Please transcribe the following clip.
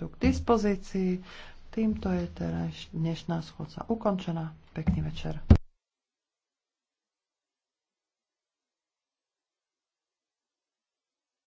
sú k dispozícii. Týmto je teraz dnešná schôdza ukončená. Pekný večer.